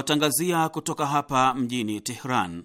Watangazia kutoka hapa mjini Tehran.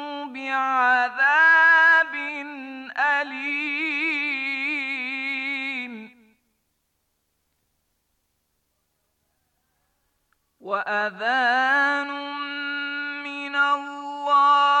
بعذاب أليم وأذان من الله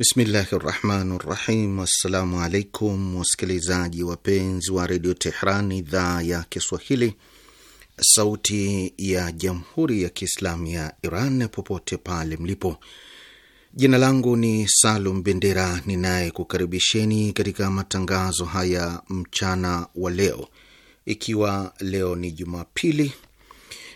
Bismillahi rahmani rahim. Wassalamu alaikum wasikilizaji wapenzi wa redio Tehran, idhaa ya Kiswahili, sauti ya jamhuri ya kiislamu ya Iran, popote pale mlipo. Jina langu ni Salum Bendera ninayekukaribisheni katika matangazo haya mchana wa leo, ikiwa leo ni Jumapili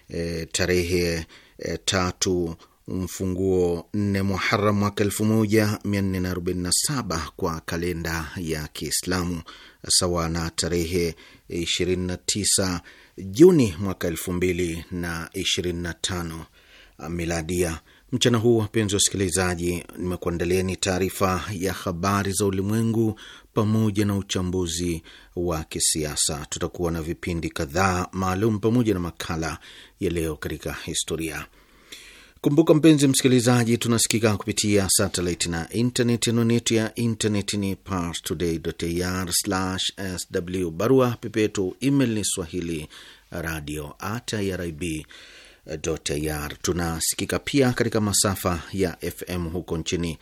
e, tarehe e, tatu mfunguo 4 Muharam mwaka 1447 kwa kalenda ya Kiislamu, sawa na tarehe 29 Juni mwaka 2025 miladia. Mchana huu wapenzi wa usikilizaji, nimekuandalieni taarifa ya habari za ulimwengu pamoja na uchambuzi wa kisiasa. Tutakuwa na vipindi kadhaa maalum pamoja na makala ya leo katika historia. Kumbuka mpenzi msikilizaji, tunasikika kupitia satellite na internet. Anwani yetu ya internet ni parstoday.ir/sw. Barua pepetu email ni swahili radio at irib.ir. Tunasikika pia katika masafa ya FM huko nchini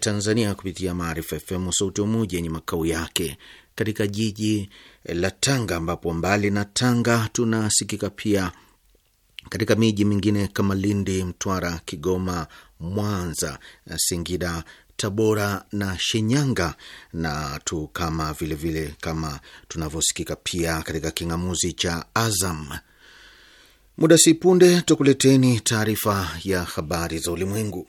Tanzania kupitia Maarifa FM Sauti Umoja yenye makao yake katika jiji la Tanga, ambapo mbali na Tanga tunasikika pia katika miji mingine kama Lindi, Mtwara, Kigoma, Mwanza, Singida, Tabora na Shinyanga na tu kama vilevile vile kama tunavyosikika pia katika king'amuzi cha Azam. Muda si punde tukuleteni taarifa ya habari za ulimwengu.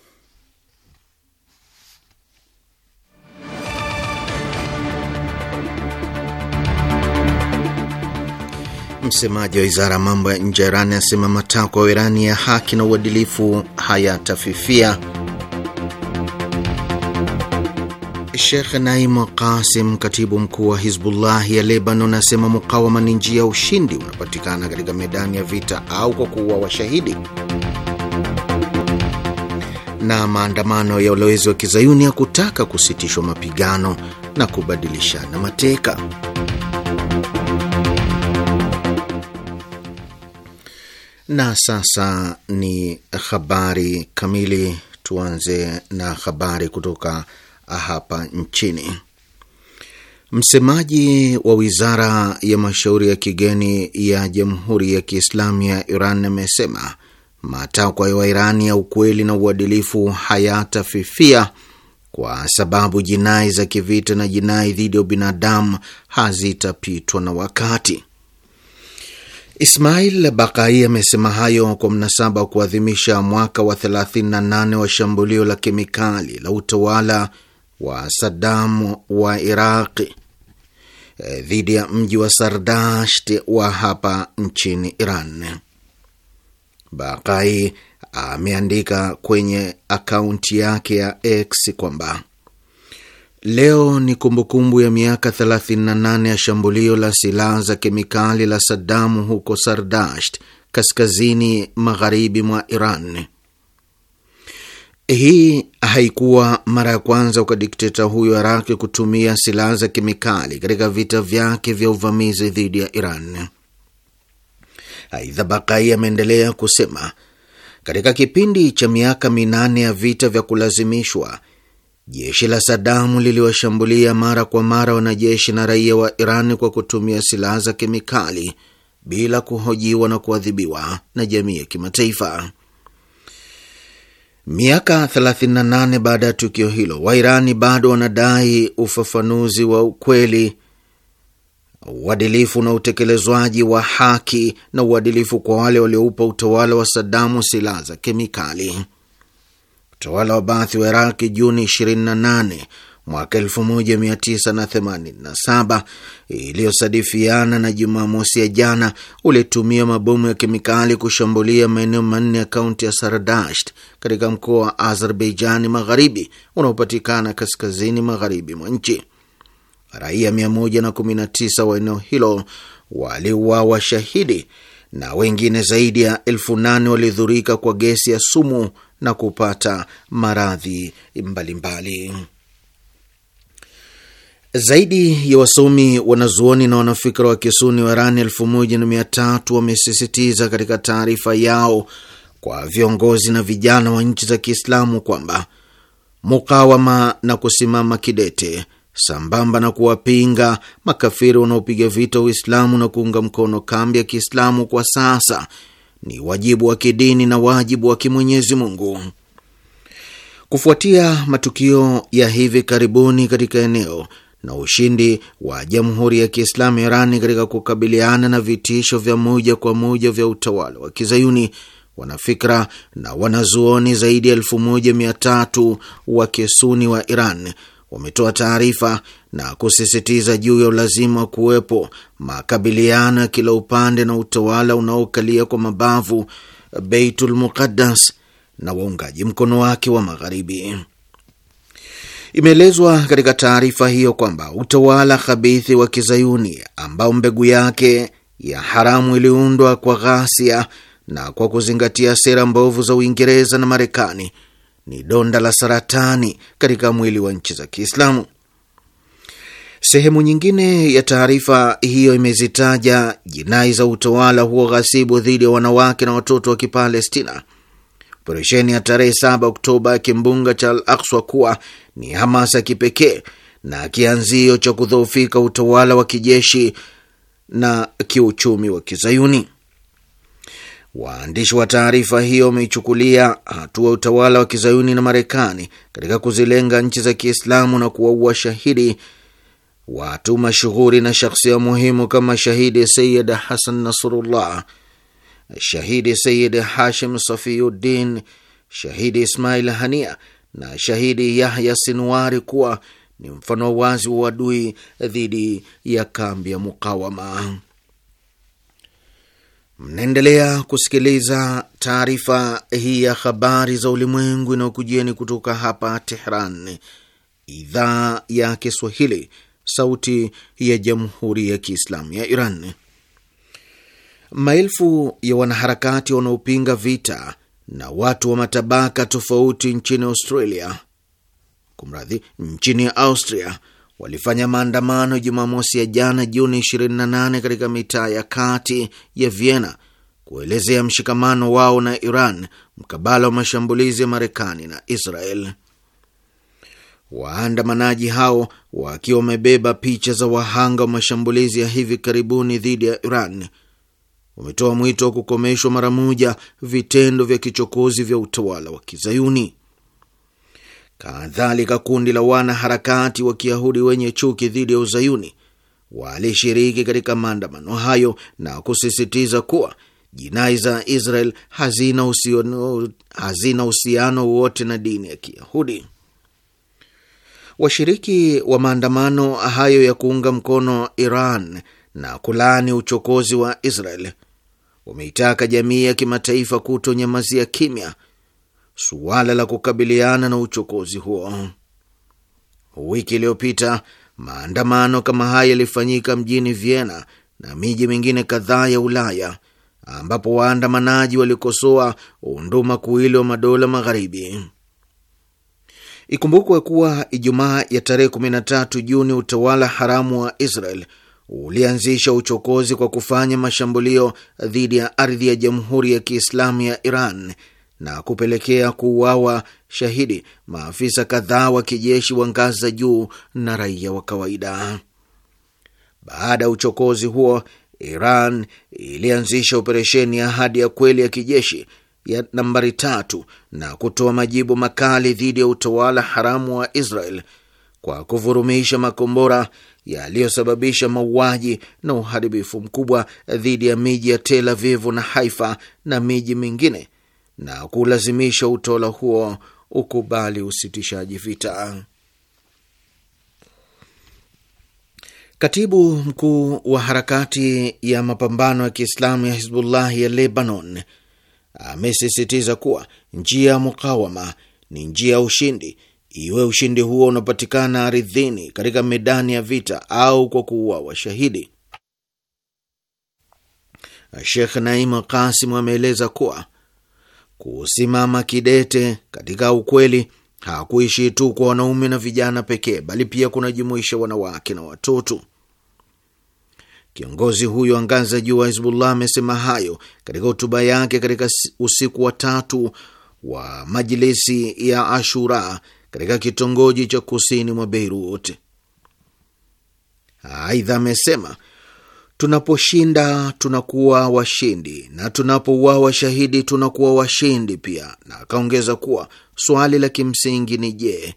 Msemaji wa wizara ya mambo ya nje ya Irani asema matakwa ya Irani ya haki na uadilifu hayatafifia. Shekh Naim Kasim, katibu mkuu wa Hizbullah ya Lebanon, asema mukawama ni njia ya ushindi unapatikana katika medani ya vita au kwa kuua washahidi. Na maandamano ya ulowezi wa kizayuni ya kutaka kusitishwa mapigano na kubadilishana mateka. Na sasa ni habari kamili. Tuanze na habari kutoka hapa nchini. Msemaji wa wizara ya mashauri ya kigeni ya Jamhuri ya Kiislamu ya Iran amesema matakwa ya Wairani ya ukweli na uadilifu hayatafifia kwa sababu jinai za kivita na jinai dhidi ya binadamu hazitapitwa na wakati. Ismail Bakai amesema hayo kwa mnasaba wa kuadhimisha mwaka wa 38 wa shambulio la kemikali la utawala wa Saddam wa Iraqi eh, dhidi ya mji wa Sardasht wa hapa nchini Iran. Bakai ameandika kwenye akaunti yake ya X kwamba Leo ni kumbukumbu kumbu ya miaka 38 ya shambulio la silaha za kemikali la Sadamu huko Sardasht, kaskazini magharibi mwa Iran. Hii haikuwa mara ya kwanza kwa dikteta huyo Iraqi kutumia silaha za kemikali katika vita vyake vya uvamizi dhidi ya Iran. Aidha, Bakai ameendelea kusema katika kipindi cha miaka minane ya vita vya kulazimishwa Jeshi la Sadamu liliwashambulia mara kwa mara wanajeshi na raia wa Iran kwa kutumia silaha za kemikali bila kuhojiwa na kuadhibiwa na jamii ya kimataifa. Miaka 38 baada ya tukio hilo, Wairani bado wanadai ufafanuzi wa ukweli, uadilifu na utekelezwaji wa haki na uadilifu kwa wale walioupa utawala wa Sadamu silaha za kemikali utawala wa Baathi wa Iraqi Juni 28 mwaka 1987 iliyosadifiana na Jumamosi ya jana ulitumia mabomu ya kemikali kushambulia maeneo manne ya kaunti ya Saradasht katika mkoa wa Azerbaijani Magharibi unaopatikana kaskazini magharibi mwa nchi. Raia 119 wa eneo hilo waliuawa shahidi na wengine zaidi ya elfu nane walidhurika kwa gesi ya sumu na kupata maradhi mbalimbali. Zaidi ya wasomi wanazuoni na wanafikira wa kisuni wa Irani elfu moja na mia tatu wamesisitiza katika taarifa yao kwa viongozi na vijana wa nchi za Kiislamu kwamba mukawama na kusimama kidete sambamba na kuwapinga makafiri wanaopiga vita Uislamu na kuunga mkono kambi ya Kiislamu kwa sasa ni wajibu wa kidini na wajibu wa kimwenyezi Mungu. Kufuatia matukio ya hivi karibuni katika eneo na ushindi wa Jamhuri ya Kiislamu Irani katika kukabiliana na vitisho vya moja kwa moja vya utawala wa Kizayuni, wanafikra na wanazuoni zaidi ya elfu moja mia tatu wa Kisuni wa Iran wametoa taarifa na kusisitiza juu ya ulazima wa kuwepo makabiliano ya kila upande na utawala unaokalia kwa mabavu Beitul Muqaddas na waungaji mkono wake wa Magharibi. Imeelezwa katika taarifa hiyo kwamba utawala khabithi wa kizayuni ambao mbegu yake ya haramu iliundwa kwa ghasia na kwa kuzingatia sera mbovu za Uingereza na Marekani ni donda la saratani katika mwili wa nchi za Kiislamu. Sehemu nyingine ya taarifa hiyo imezitaja jinai za utawala huo ghasibu dhidi ya wanawake na watoto wa Kipalestina, operesheni ya tarehe 7 Oktoba ya kimbunga cha Al Akswa kuwa ni hamasa kipekee na kianzio cha kudhoofika utawala wa kijeshi na kiuchumi wa Kizayuni. Waandishi wa taarifa hiyo wameichukulia hatua ya utawala wa Kizayuni na Marekani katika kuzilenga nchi za Kiislamu na kuwaua shahidi watu mashuhuri na shakhsia muhimu kama shahidi Sayid Hasan Nasrullah, shahidi Sayid Hashim Safiuddin, shahidi Ismail Hania na shahidi Yahya Sinwari kuwa ni mfano wazi wa adui dhidi ya kambi ya mukawama. Mnaendelea kusikiliza taarifa hii ya habari za ulimwengu inayokujieni kutoka hapa Tehran, idhaa ya Kiswahili, Sauti ya Jamhuri ya Kiislamu ya Iran. Maelfu ya wanaharakati wanaopinga vita na watu wa matabaka tofauti nchini Australia, kumradhi, nchini Austria walifanya maandamano Jumamosi ya jana Juni 28 katika mitaa ya kati ya Vienna kuelezea mshikamano wao na Iran mkabala wa mashambulizi ya Marekani na Israel waandamanaji hao wakiwa wamebeba picha za wahanga wa mashambulizi ya hivi karibuni dhidi ya Iran wametoa mwito wa kukomeshwa mara moja vitendo vya kichokozi vya utawala wa Kizayuni. Kadhalika, kundi la wanaharakati wa Kiyahudi wenye chuki dhidi ya Uzayuni walishiriki katika maandamano hayo na kusisitiza kuwa jinai za Israel hazina uhusiano wowote na dini ya Kiyahudi. Washiriki wa maandamano hayo ya kuunga mkono Iran na kulaani uchokozi wa Israel wameitaka jamii ya kimataifa kutonyamazia kimya suala la kukabiliana na uchokozi huo. Wiki iliyopita maandamano kama haya yalifanyika mjini Vienna na miji mingine kadhaa ya Ulaya ambapo waandamanaji walikosoa unduma kuwili wa madola magharibi. Ikumbukwe kuwa Ijumaa ya tarehe 13 Juni utawala haramu wa Israel ulianzisha uchokozi kwa kufanya mashambulio dhidi ya ardhi ya Jamhuri ya Kiislamu ya Iran na kupelekea kuuawa shahidi maafisa kadhaa wa kijeshi wa ngazi za juu na raia wa kawaida. Baada ya uchokozi huo, Iran ilianzisha operesheni ya Ahadi ya Kweli ya kijeshi ya nambari tatu na kutoa majibu makali dhidi ya utawala haramu wa Israel kwa kuvurumisha makombora yaliyosababisha mauaji na uharibifu mkubwa dhidi ya miji ya Tel Avivu na Haifa na miji mingine na kulazimisha utawala huo ukubali usitishaji vita. Katibu mkuu wa harakati ya mapambano ya Kiislamu ya Hizbullahi ya Lebanon amesisitiza kuwa njia ya mukawama ni njia ya ushindi, iwe ushindi huo unapatikana aridhini, katika medani ya vita, au kwa kuua washahidi. Shekh naimu Kasim ameeleza kuwa kusimama kidete katika ukweli hakuishi tu kwa wanaume na vijana pekee, bali pia kunajumuisha wanawake na watoto. Kiongozi huyo wa ngazi ya juu wa Hizbullah amesema hayo katika hotuba yake katika usiku wa tatu wa majilisi ya Ashura katika kitongoji cha kusini mwa Beirut. Aidha amesema tunaposhinda tunakuwa washindi na tunapouawa washahidi tunakuwa washindi pia, na akaongeza kuwa swali la kimsingi ni je,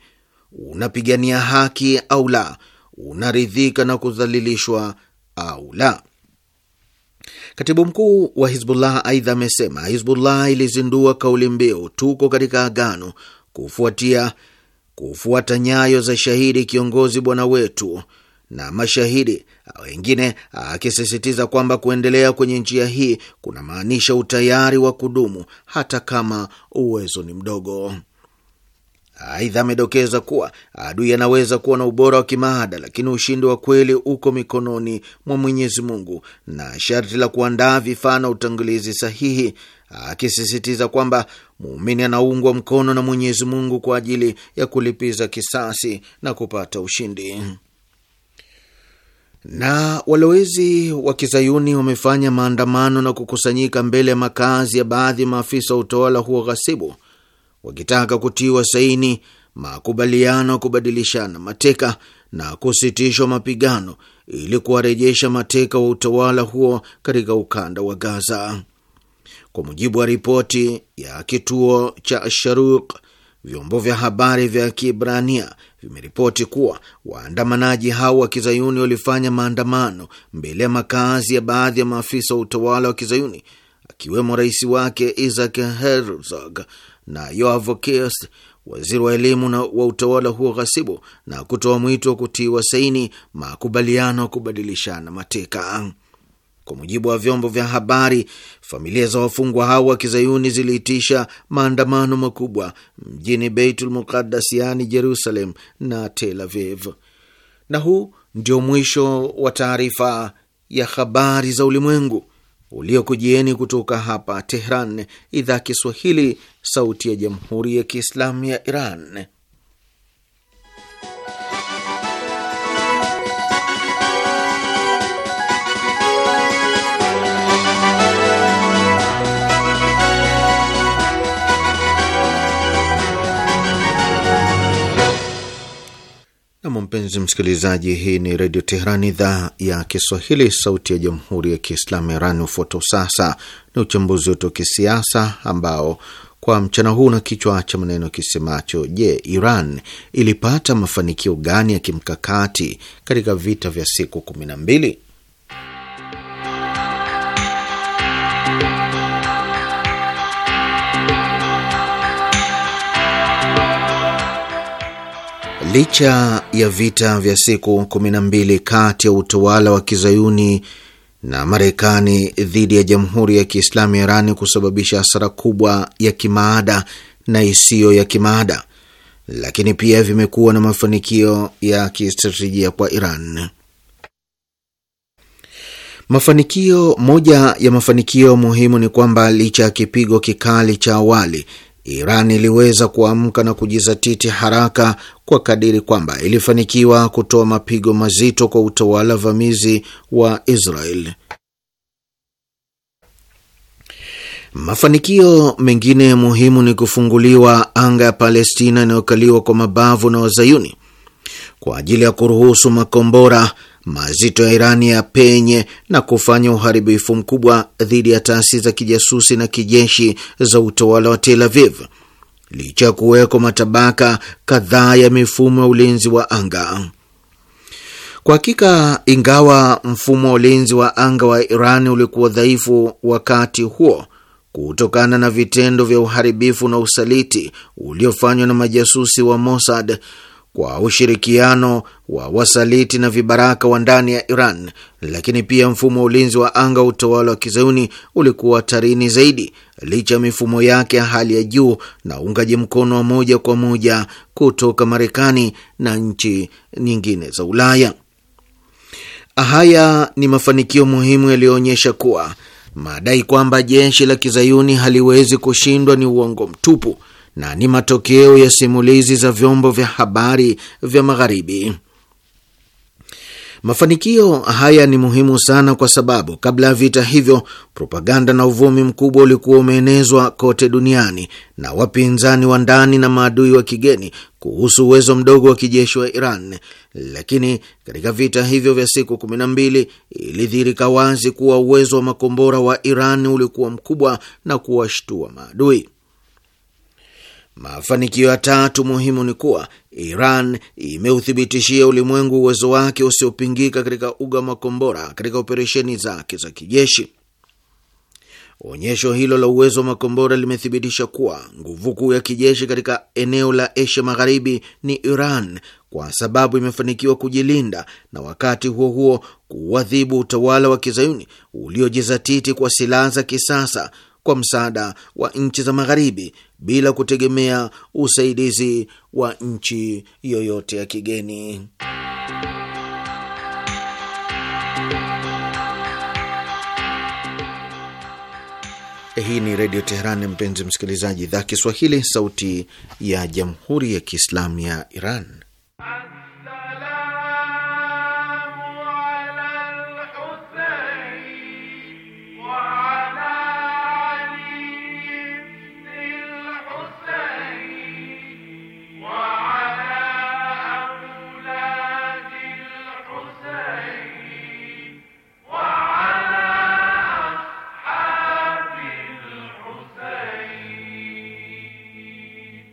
unapigania haki au la? Unaridhika na kudhalilishwa au la. Katibu mkuu wa Hizbullah aidha amesema Hizbullah ilizindua kauli mbiu tuko katika agano kufuatia kufuata nyayo za shahidi kiongozi bwana wetu na mashahidi wengine, akisisitiza kwamba kuendelea kwenye njia hii kuna maanisha utayari wa kudumu hata kama uwezo ni mdogo. Aidha, amedokeza kuwa adui anaweza kuwa na ubora wa kimaada, lakini ushindi wa kweli uko mikononi mwa Mwenyezi Mungu na sharti la kuandaa vifaa na utangulizi sahihi, akisisitiza kwamba muumini anaungwa mkono na Mwenyezi Mungu kwa ajili ya kulipiza kisasi na kupata ushindi. Na walowezi wa kizayuni wamefanya maandamano na kukusanyika mbele ya makazi ya baadhi ya maafisa wa utawala huo ghasibu wakitaka kutiwa saini makubaliano ya kubadilishana mateka na kusitishwa mapigano ili kuwarejesha mateka wa utawala huo katika ukanda wa Gaza. Kwa mujibu wa ripoti ya kituo cha sharuk vyombo vya habari vya kibrania vimeripoti kuwa waandamanaji hao wa kizayuni walifanya maandamano mbele ya makazi ya baadhi ya maafisa wa utawala wa kizayuni akiwemo rais wake Isaac Herzog na Yoav Kirst, waziri wa elimu na wa utawala huo ghasibu, na kutoa mwito wa kutiwa saini makubaliano ya kubadilishana mateka. Kwa mujibu wa vyombo vya habari, familia za wafungwa hao wa kizayuni ziliitisha maandamano makubwa mjini Beitul Muqaddas, yaani Jerusalem na Tel Aviv. Na huu ndio mwisho wa taarifa ya habari za ulimwengu uliokujieni kutoka hapa Tehran, idhaa Kiswahili, sauti ya jamhuri ya kiislamu ya Iran. Nam, mpenzi msikilizaji, hii ni Redio Teheran, idhaa ya Kiswahili, sauti ya jamhuri ya kiislamu Iran. Ufuatao sasa ni uchambuzi wetu wa kisiasa ambao kwa mchana huu na kichwa cha maneno kisemacho: Je, Iran ilipata mafanikio gani ya kimkakati katika vita vya siku kumi na mbili? Licha ya vita vya siku 12 kati ya utawala wa kizayuni na Marekani dhidi ya Jamhuri ya Kiislamu ya Irani kusababisha hasara kubwa ya kimaada na isiyo ya kimaada, lakini pia vimekuwa na mafanikio ya kistratejia kwa Iran. Mafanikio moja ya mafanikio muhimu ni kwamba licha ya kipigo kikali cha awali Iran iliweza kuamka na kujizatiti haraka kwa kadiri kwamba ilifanikiwa kutoa mapigo mazito kwa utawala vamizi wa Israel. Mafanikio mengine muhimu ni kufunguliwa anga ya Palestina inayokaliwa kwa mabavu na Wazayuni kwa ajili ya kuruhusu makombora mazito ya Irani ya penye na kufanya uharibifu mkubwa dhidi ya taasisi za kijasusi na kijeshi za utawala wa Tel Aviv licha ya kuwekwa matabaka kadhaa ya mifumo ya ulinzi wa anga. Kwa hakika, ingawa mfumo wa ulinzi wa anga wa Iran ulikuwa dhaifu wakati huo kutokana na vitendo vya uharibifu na usaliti uliofanywa na majasusi wa Mossad, kwa ushirikiano wa wasaliti na vibaraka wa ndani ya Iran, lakini pia mfumo wa ulinzi wa anga wa utawala wa kizayuni ulikuwa tarini zaidi, licha ya mifumo yake ya hali ya juu na uungaji mkono wa moja kwa moja kutoka Marekani na nchi nyingine za Ulaya. Haya ni mafanikio muhimu yaliyoonyesha kuwa madai kwamba jeshi la kizayuni haliwezi kushindwa ni uongo mtupu na ni matokeo ya simulizi za vyombo vya habari vya Magharibi. Mafanikio haya ni muhimu sana kwa sababu kabla ya vita hivyo, propaganda na uvumi mkubwa ulikuwa umeenezwa kote duniani na wapinzani wa ndani na maadui wa kigeni kuhusu uwezo mdogo wa kijeshi wa Iran. Lakini katika vita hivyo vya siku kumi na mbili ilidhihirika wazi kuwa uwezo wa makombora wa Iran ulikuwa mkubwa na kuwashtua maadui. Mafanikio ya tatu muhimu ni kuwa Iran imeuthibitishia ulimwengu uwezo wake usiopingika katika uga makombora katika operesheni zake za kijeshi. Onyesho hilo la uwezo wa makombora limethibitisha kuwa nguvu kuu ya kijeshi katika eneo la Asia Magharibi ni Iran, kwa sababu imefanikiwa kujilinda na wakati huo huo kuadhibu utawala wa kizayuni uliojizatiti kwa silaha za kisasa kwa msaada wa nchi za Magharibi bila kutegemea usaidizi wa nchi yoyote ya kigeni. Hii ni Redio Teheran, mpenzi msikilizaji, idhaa Kiswahili, sauti ya Jamhuri ya Kiislamu ya Iran.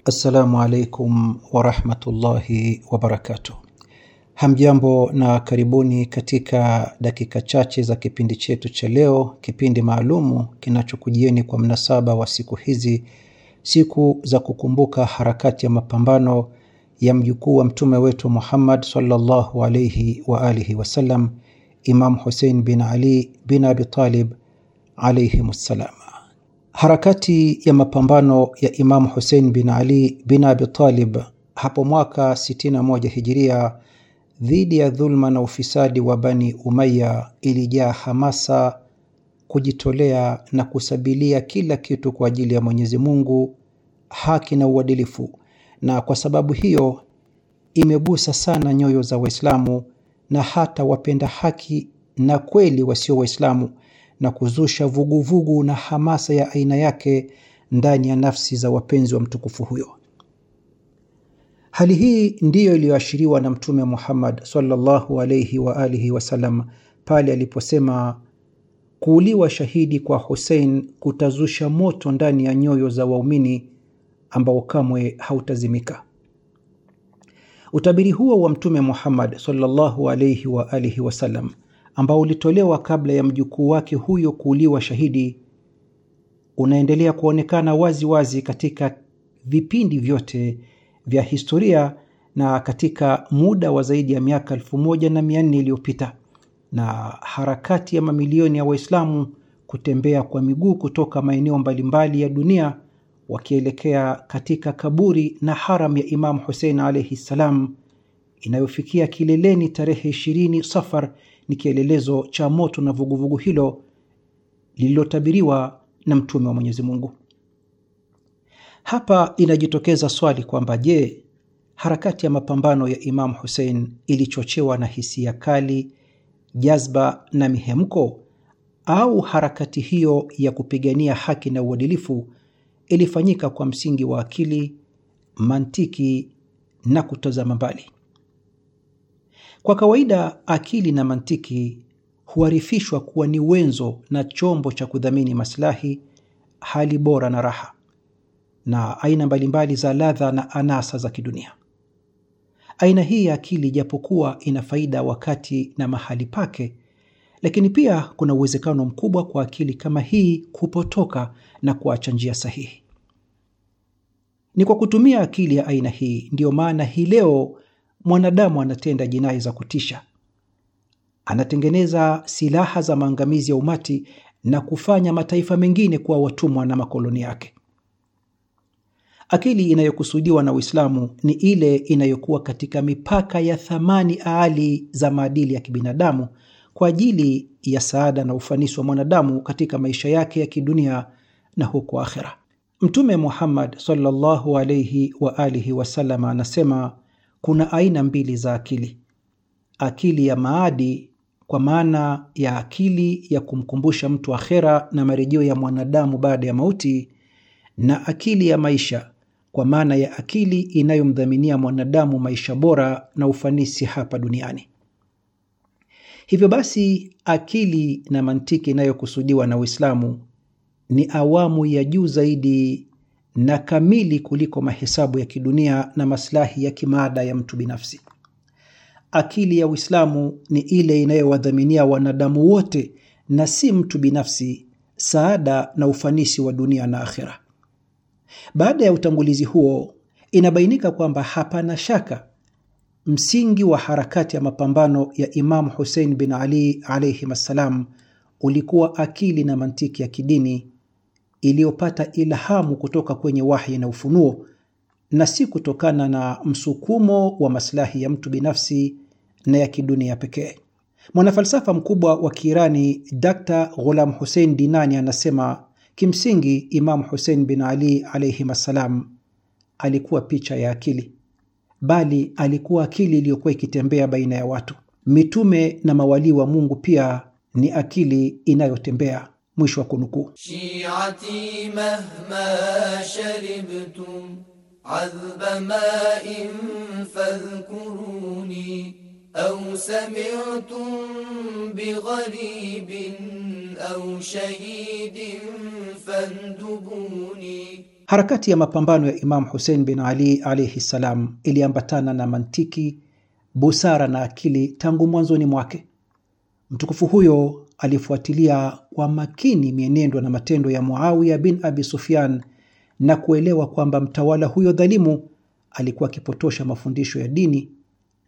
Assalamu alaikum warahmatullahi wabarakatuh. Hamjambo na karibuni katika dakika chache za kipindi chetu cha leo, kipindi maalumu kinachokujieni kwa mnasaba wa siku hizi, siku za kukumbuka harakati ya mapambano ya mjukuu wa mtume wetu Muhammad sallallahu alaihi wa alihi wasallam, Imam Husein bin Ali bin Abi Talib alaihimssalam. Harakati ya mapambano ya Imamu Husein bin Ali bin Abi Talib hapo mwaka 61 hijiria dhidi ya dhulma na ufisadi wa Bani Umaya ilijaa hamasa, kujitolea na kusabilia kila kitu kwa ajili ya Mwenyezi Mungu, haki na uadilifu, na kwa sababu hiyo imegusa sana nyoyo za Waislamu na hata wapenda haki na kweli wasio Waislamu na kuzusha vuguvugu vugu na hamasa ya aina yake ndani ya nafsi za wapenzi wa mtukufu huyo. Hali hii ndiyo iliyoashiriwa na Mtume Muhammad sallallahu alayhi wa alihi wasallam pale aliposema kuuliwa shahidi kwa Hussein kutazusha moto ndani ya nyoyo za waumini ambao kamwe hautazimika. Utabiri huo wa Mtume Muhammad sallallahu alayhi wa alihi wasallam ambao ulitolewa kabla ya mjukuu wake huyo kuuliwa shahidi unaendelea kuonekana wazi wazi katika vipindi vyote vya historia na katika muda wa zaidi ya miaka elfu moja na iliyopita na harakati ya mamilioni ya Waislamu kutembea kwa miguu kutoka maeneo mbalimbali ya dunia wakielekea katika kaburi na haram ya Imamu Husein alaihi ssalam, inayofikia kileleni tarehe 20 Safar ni kielelezo cha moto na vuguvugu vugu hilo lililotabiriwa na mtume wa Mwenyezi Mungu. Hapa inajitokeza swali kwamba je, harakati ya mapambano ya Imamu Hussein ilichochewa na hisia kali, jazba na mihemko, au harakati hiyo ya kupigania haki na uadilifu ilifanyika kwa msingi wa akili, mantiki na kutazama mbali? Kwa kawaida akili na mantiki huarifishwa kuwa ni wenzo na chombo cha kudhamini maslahi, hali bora na raha, na aina mbalimbali za ladha na anasa za kidunia. Aina hii ya akili ijapokuwa ina faida wakati na mahali pake, lakini pia kuna uwezekano mkubwa kwa akili kama hii kupotoka na kuacha njia sahihi. Ni kwa kutumia akili ya aina hii ndiyo maana hii leo mwanadamu anatenda jinai za kutisha. Anatengeneza silaha za maangamizi ya umati na kufanya mataifa mengine kuwa watumwa na makoloni yake. Akili inayokusudiwa na Uislamu ni ile inayokuwa katika mipaka ya thamani aali za maadili ya kibinadamu kwa ajili ya saada na ufanisi wa mwanadamu katika maisha yake ya kidunia na huko akhera. Mtume Muhammad sallallahu alaihi wa alihi wasallam anasema kuna aina mbili za akili: akili ya maadi kwa maana ya akili ya kumkumbusha mtu akhera na marejeo ya mwanadamu baada ya mauti, na akili ya maisha kwa maana ya akili inayomdhaminia mwanadamu maisha bora na ufanisi hapa duniani. Hivyo basi, akili na mantiki inayokusudiwa na Uislamu ni awamu ya juu zaidi na kamili kuliko mahesabu ya kidunia na maslahi ya kimaada ya mtu binafsi. Akili ya Uislamu ni ile inayowadhaminia wanadamu wote na si mtu binafsi saada na ufanisi wa dunia na akhira Baada ya utangulizi huo, inabainika kwamba hapana shaka msingi wa harakati ya mapambano ya Imamu Husein bin Ali alayhim assalam ulikuwa akili na mantiki ya kidini iliyopata ilhamu kutoka kwenye wahi na ufunuo na si kutokana na msukumo wa maslahi ya mtu binafsi na ya kidunia pekee. Mwanafalsafa mkubwa wa Kiirani Dr. Ghulam Hussein Dinani anasema kimsingi Imamu Hussein bin Ali alayhim assalam alikuwa picha ya akili, bali alikuwa akili iliyokuwa ikitembea baina ya watu. Mitume na mawalii wa Mungu pia ni akili inayotembea. Mwisho wa kunukuu. Harakati ya mapambano ya Imam husein bin Ali alaihi ssalam iliambatana na mantiki, busara na akili tangu mwanzoni mwake. Mtukufu huyo alifuatilia kwa makini mienendo na matendo ya Muawiya bin Abi Sufyan na kuelewa kwamba mtawala huyo dhalimu alikuwa akipotosha mafundisho ya dini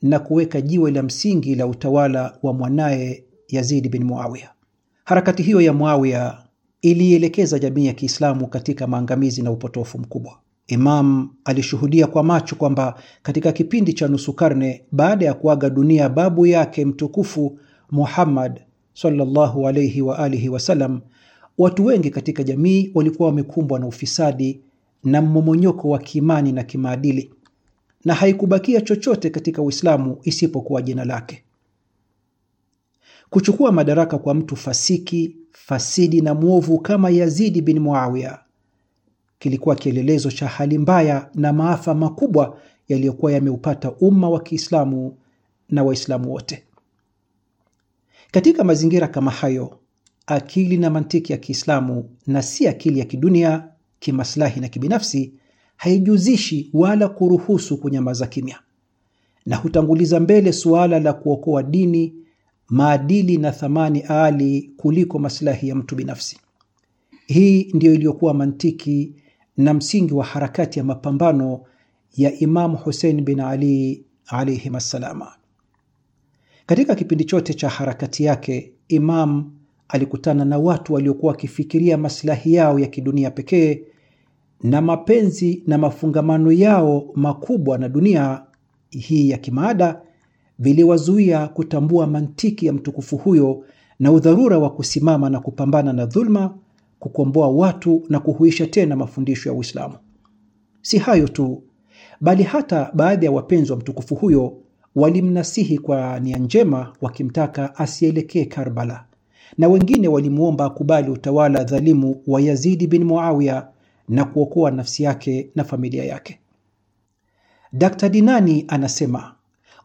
na kuweka jiwe la msingi la utawala wa mwanaye Yazidi bin Muawiya. Harakati hiyo ya Muawiya ilielekeza jamii ya Kiislamu katika maangamizi na upotofu mkubwa. Imam alishuhudia kwa macho kwamba katika kipindi cha nusu karne baada ya kuaga dunia babu yake mtukufu Muhammad sallallahu alayhi wa alihi wasallam, watu wengi katika jamii walikuwa wamekumbwa na ufisadi na mmomonyoko wa kiimani na kimaadili, na haikubakia chochote katika Uislamu isipokuwa jina lake. Kuchukua madaraka kwa mtu fasiki, fasidi na mwovu kama Yazidi bin Muawiya kilikuwa kielelezo cha hali mbaya na maafa makubwa yaliyokuwa yameupata umma wa Kiislamu na Waislamu wote. Katika mazingira kama hayo, akili na mantiki ya Kiislamu na si akili ya kidunia, kimaslahi na kibinafsi haijuzishi wala kuruhusu kunyamaza kimya, na hutanguliza mbele suala la kuokoa dini, maadili na thamani aali kuliko masilahi ya mtu binafsi. Hii ndiyo iliyokuwa mantiki na msingi wa harakati ya mapambano ya Imamu Husein bin Ali alaihim assalama. Katika kipindi chote cha harakati yake, Imam alikutana na watu waliokuwa wakifikiria masilahi yao ya kidunia pekee na mapenzi na mafungamano yao makubwa na dunia hii ya kimaada viliwazuia kutambua mantiki ya mtukufu huyo na udharura wa kusimama na kupambana na dhulma, kukomboa watu na kuhuisha tena mafundisho ya Uislamu. Si hayo tu, bali hata baadhi ya wapenzi wa mtukufu huyo walimnasihi kwa nia njema, wakimtaka asielekee Karbala, na wengine walimwomba akubali utawala dhalimu wa Yazidi bin Muawiya na kuokoa nafsi yake na familia yake. Dr. Dinani anasema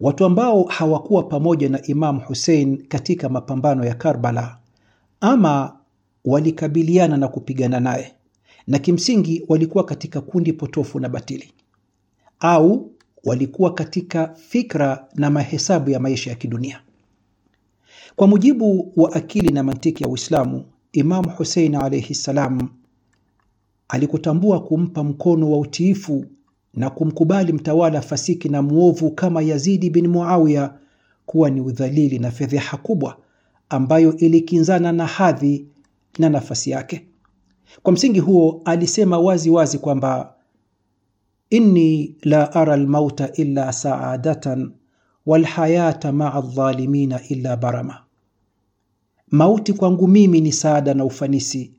watu ambao hawakuwa pamoja na Imamu Hussein katika mapambano ya Karbala ama walikabiliana na kupigana naye na kimsingi walikuwa katika kundi potofu na batili, au walikuwa katika fikra na mahesabu ya maisha ya kidunia. Kwa mujibu wa akili na mantiki ya Uislamu, Imamu Husein alaihi ssalam alikutambua kumpa mkono wa utiifu na kumkubali mtawala fasiki na mwovu kama Yazidi bin Muawiya kuwa ni udhalili na fedheha kubwa ambayo ilikinzana na hadhi na nafasi yake. Kwa msingi huo, alisema wazi wazi kwamba inni la ara lmauta illa saadatan walhayata maa ldhalimina illa barama, mauti kwangu mimi ni saada na ufanisi,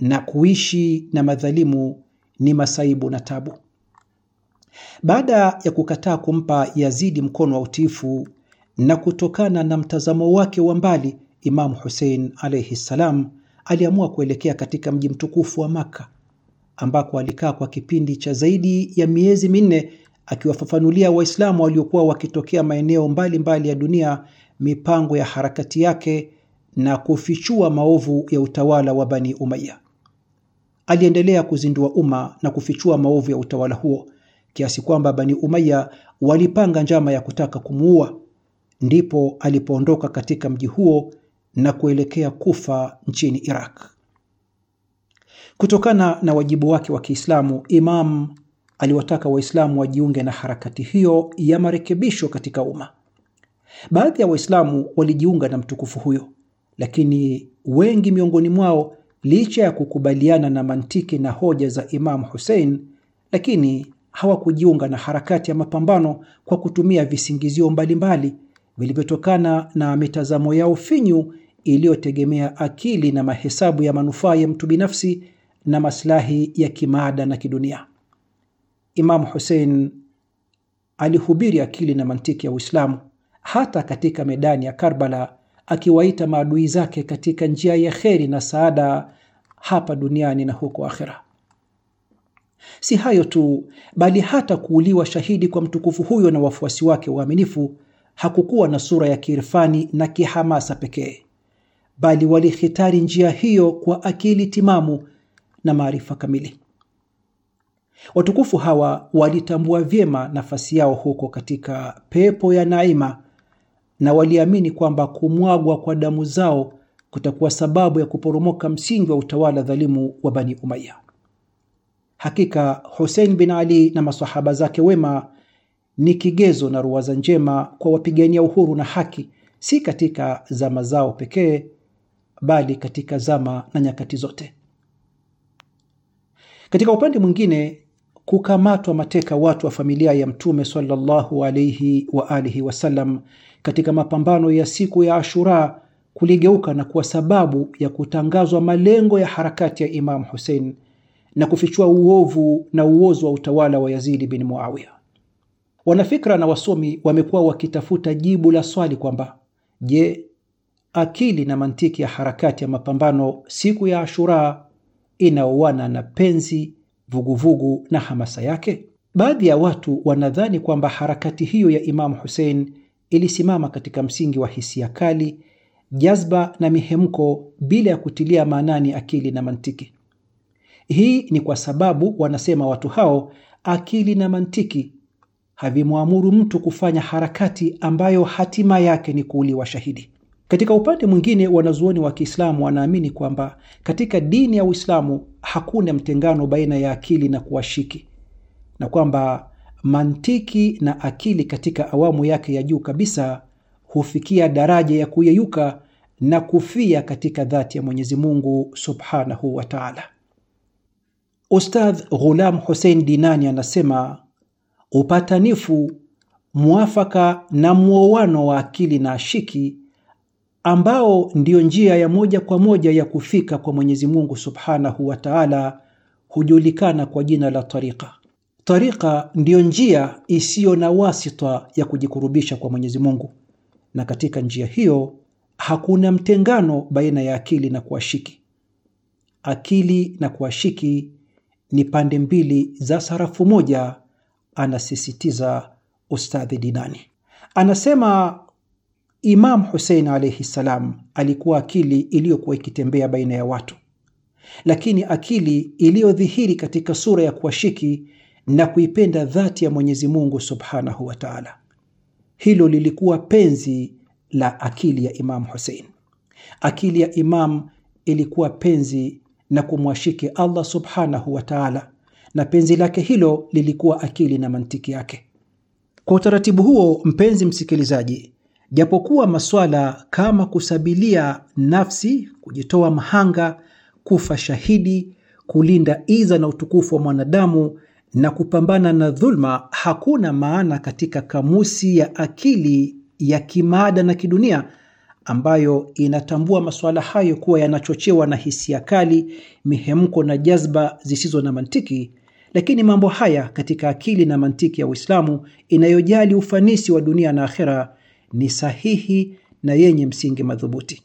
na kuishi na madhalimu ni masaibu na tabu. Baada ya kukataa kumpa Yazidi mkono wa utiifu na kutokana na mtazamo wake wa mbali, Imamu Husein alaihi ssalam aliamua kuelekea katika mji mtukufu wa Makka ambako alikaa kwa kipindi cha zaidi ya miezi minne akiwafafanulia Waislamu waliokuwa wakitokea maeneo mbalimbali ya dunia mipango ya harakati yake na kufichua maovu ya utawala wa Bani Umayya. Aliendelea kuzindua umma na kufichua maovu ya utawala huo kiasi kwamba Bani Umayya walipanga njama ya kutaka kumuua. Ndipo alipoondoka katika mji huo na kuelekea Kufa nchini Iraq. Kutokana na wajibu wake wa Kiislamu, Imam aliwataka Waislamu wajiunge na harakati hiyo ya marekebisho katika umma. Baadhi ya Waislamu walijiunga na mtukufu huyo, lakini wengi miongoni mwao, licha ya kukubaliana na mantiki na hoja za Imam Hussein, lakini hawakujiunga na harakati ya mapambano kwa kutumia visingizio mbalimbali vilivyotokana na mitazamo yao finyu iliyotegemea akili na mahesabu ya manufaa ya mtu binafsi na maslahi ya kimada na kidunia. Imamu Hussein alihubiri akili na mantiki ya Uislamu hata katika medani ya Karbala, akiwaita maadui zake katika njia ya kheri na saada hapa duniani na huko akhera. Si hayo tu, bali hata kuuliwa shahidi kwa mtukufu huyo na wafuasi wake waaminifu hakukuwa na sura ya kiirfani na kihamasa pekee, bali walihitari njia hiyo kwa akili timamu na maarifa kamili. Watukufu hawa walitambua vyema nafasi yao huko katika pepo ya naima na waliamini kwamba kumwagwa kwa damu zao kutakuwa sababu ya kuporomoka msingi wa utawala dhalimu wa Bani Umayya. Hakika Hussein bin Ali na masahaba zake wema ni kigezo na ruwaza njema kwa wapigania uhuru na haki, si katika zama zao pekee, bali katika zama na nyakati zote. Katika upande mwingine, kukamatwa mateka watu wa familia ya Mtume sallallahu alaihi wa alihi wasallam katika mapambano ya siku ya Ashura kuligeuka na kuwa sababu ya kutangazwa malengo ya harakati ya Imamu Hussein na kufichua uovu na uozo wa utawala wa Yazidi bin Muawiya. Wanafikra na wasomi wamekuwa wakitafuta jibu la swali kwamba je, akili na mantiki ya harakati ya mapambano siku ya Ashura inaoana na penzi, vuguvugu vugu na hamasa yake? Baadhi ya watu wanadhani kwamba harakati hiyo ya Imamu Husein ilisimama katika msingi wa hisia kali, jazba na mihemko, bila ya kutilia maanani akili na mantiki. Hii ni kwa sababu wanasema watu hao akili na mantiki havimwamuru mtu kufanya harakati ambayo hatima yake ni kuuliwa shahidi. Katika upande mwingine, wanazuoni wa Kiislamu wanaamini kwamba katika dini ya Uislamu hakuna mtengano baina ya akili na kuwashiki, na kwamba mantiki na akili katika awamu yake ya juu kabisa hufikia daraja ya kuyeyuka na kufia katika dhati ya Mwenyezi Mungu Subhanahu wa Ta'ala. Ustadh Ghulam Hussein Dinani anasema upatanifu, mwafaka na mwowano wa akili na ashiki ambao ndiyo njia ya moja kwa moja ya kufika kwa Mwenyezi Mungu Subhanahu wa Ta'ala hujulikana kwa jina la tariqa. Tariqa ndiyo njia isiyo na wasita ya kujikurubisha kwa Mwenyezi Mungu, na katika njia hiyo hakuna mtengano baina ya akili na kuashiki. Akili na kuashiki ni pande mbili za sarafu moja, anasisitiza Ustadhi Dinani. Anasema Imam Hussein alaihi ssalam alikuwa akili iliyokuwa ikitembea baina ya watu, lakini akili iliyodhihiri katika sura ya kuwashiki na kuipenda dhati ya Mwenyezi Mungu subhanahu wa taala. Hilo lilikuwa penzi la akili ya Imam Hussein. Akili ya Imam ilikuwa penzi na kumwashiki Allah subhanahu wa taala, na penzi lake hilo lilikuwa akili na mantiki yake. Kwa utaratibu huo, mpenzi msikilizaji Japokuwa masuala kama kusabilia nafsi, kujitoa mhanga, kufa shahidi, kulinda iza na utukufu wa mwanadamu na kupambana na dhulma hakuna maana katika kamusi ya akili ya kimaada na kidunia ambayo inatambua masuala hayo kuwa yanachochewa na hisia kali, mihemko na jazba zisizo na mantiki. Lakini mambo haya katika akili na mantiki ya Uislamu inayojali ufanisi wa dunia na akhera ni sahihi na yenye msingi madhubuti.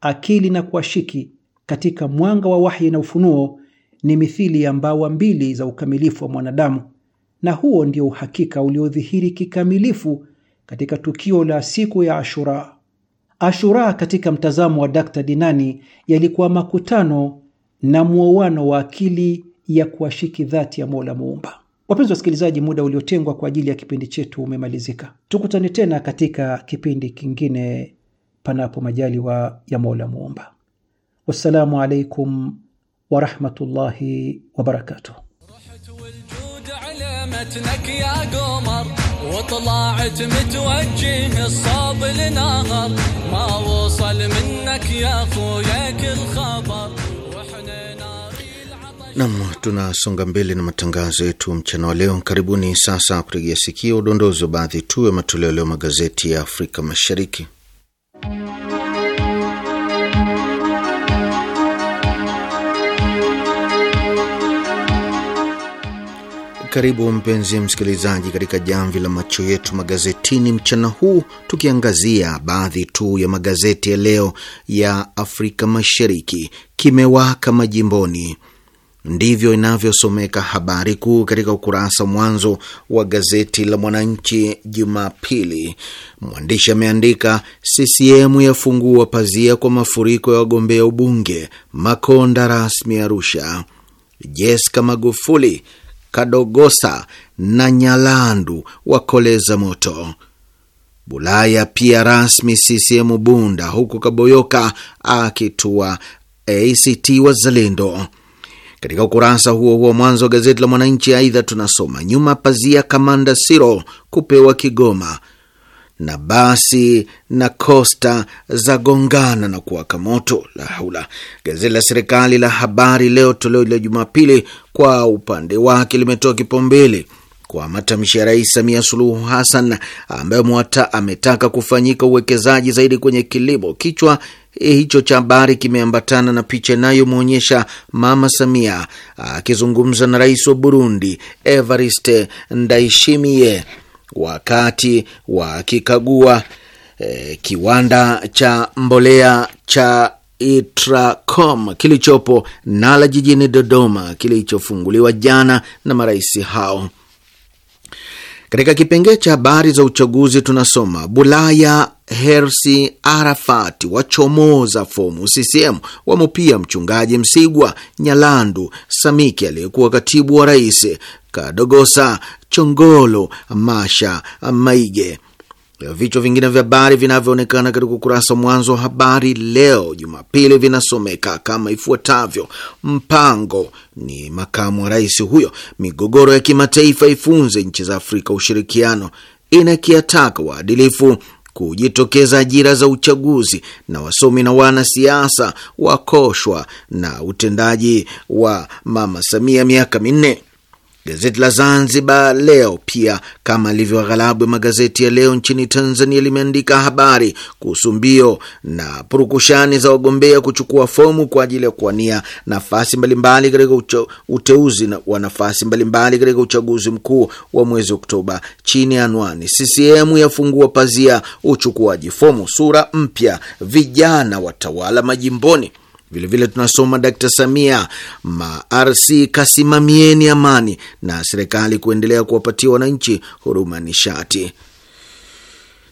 Akili na kuashiki katika mwanga wa wahyi na ufunuo ni mithili ya mbawa mbili za ukamilifu wa mwanadamu, na huo ndio uhakika uliodhihiri kikamilifu katika tukio la siku ya Ashura. Ashura katika mtazamo wa Dr. Dinani yalikuwa makutano na muoano wa akili ya kuashiki dhati ya Mola Muumba. Wapenzi wasikilizaji, muda uliotengwa kwa ajili ya kipindi chetu umemalizika. Tukutane tena katika kipindi kingine, panapo majaliwa ya Mola Muumba. Wassalamu alaikum warahmatullahi wabarakatuh. وطلعت متوجه الصاب ما وصل منك يا خويا Nam, tunasonga mbele na matangazo yetu mchana wa leo. Karibuni sasa kutegea sikio udondozi wa baadhi tu ya matoleo leo magazeti ya Afrika Mashariki. Karibu mpenzi msikilizaji, katika jamvi la macho yetu magazetini mchana huu, tukiangazia baadhi tu ya magazeti ya leo ya Afrika Mashariki. Kimewaka majimboni Ndivyo inavyosomeka habari kuu katika ukurasa mwanzo wa gazeti la Mwananchi Jumapili. Mwandishi ameandika CCM yafungua pazia kwa mafuriko ya wagombea ubunge, Makonda rasmi Arusha, Jeska Magufuli, Kadogosa na Nyalandu wakoleza moto. Bulaya pia rasmi CCM Bunda, huku Kaboyoka akitua ACT Wazalendo. Katika ukurasa huo huo mwanzo wa gazeti la Mwananchi, aidha tunasoma nyuma pazia, kamanda Siro kupewa Kigoma na basi na kosta za gongana na kuwaka moto. La haula! Gazeti la serikali la Habari Leo toleo la Jumapili kwa upande wake limetoa kipaumbele kwa matamshi ya Rais Samia Suluhu Hassan ambaye ametaka kufanyika uwekezaji zaidi kwenye kilimo. Kichwa eh, hicho cha habari kimeambatana na picha inayomwonyesha Mama Samia ah, akizungumza na rais wa Burundi Evariste Ndayishimiye wakati wakikagua eh, kiwanda cha mbolea cha Itracom kilichopo Nala jijini Dodoma, kilichofunguliwa jana na marais hao. Katika kipengee cha habari za uchaguzi tunasoma Bulaya, Hersi Arafati wachomoza fomu CCM, wamo pia mchungaji Msigwa, Nyalandu, samiki aliyekuwa katibu wa rais, Kadogosa, Chongolo, Masha Maige, vichwa vingine vya habari vinavyoonekana katika ukurasa wa mwanzo wa habari leo Jumapili vinasomeka kama ifuatavyo: Mpango ni makamu wa rais huyo, migogoro ya kimataifa ifunze nchi za Afrika ushirikiano, inakiataka waadilifu kujitokeza ajira za uchaguzi, na wasomi na wanasiasa wakoshwa na utendaji wa Mama Samia miaka minne. Gazeti la Zanzibar Leo pia kama ilivyo aghalabu ya magazeti ya leo nchini Tanzania limeandika habari kuhusu mbio na purukushani za wagombea kuchukua fomu kwa ajili ya kuwania nafasi mbalimbali katika uteuzi wa nafasi mbalimbali katika uchaguzi mkuu wa mwezi Oktoba chini ya anwani CCM yafungua pazia uchukuaji fomu, sura mpya, vijana watawala majimboni. Vilevile tunasoma Dkt Samia, marc kasimamieni amani, na serikali kuendelea kuwapatia wananchi huruma nishati